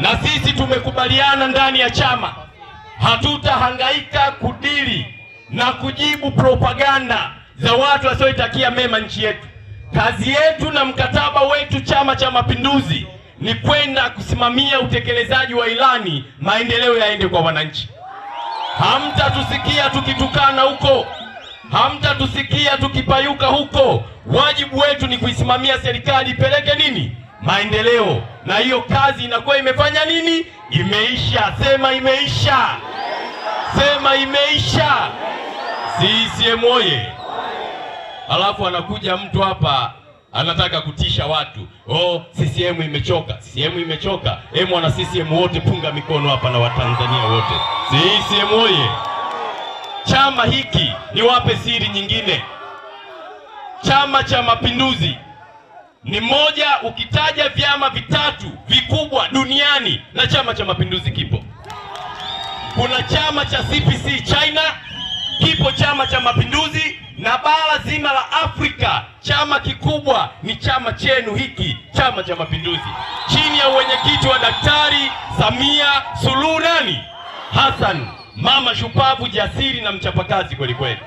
na sisi tumekubaliana ndani ya chama hatutahangaika kudili na kujibu propaganda za watu wasioitakia mema nchi yetu. Kazi yetu na mkataba wetu Chama cha Mapinduzi ni kwenda kusimamia utekelezaji wa ilani, maendeleo yaende kwa wananchi. Hamtatusikia tukitukana huko, hamtatusikia tukipayuka huko. Wajibu wetu ni kuisimamia serikali ipeleke nini maendeleo, na hiyo kazi inakuwa imefanya nini? Imeisha. Sema imeisha, sema imeisha. CCM oye! Alafu anakuja mtu hapa anataka kutisha watu, oh, CCM imechoka, CCM imechoka. Hebu eh, mwana CCM wote punga mikono hapa na Watanzania wote, CCM oye! Chama hiki niwape siri nyingine, Chama cha Mapinduzi ni moja, ukitaja vyama vitatu vikubwa duniani na Chama cha Mapinduzi kipo. Kuna chama cha CPC China kipo, Chama cha Mapinduzi, na bara zima la Afrika chama kikubwa ni chama chenu hiki, Chama cha Mapinduzi, chini ya uwenyekiti wa Daktari Samia Suluhu nani Hassan, mama shupavu, jasiri na mchapakazi kwelikweli.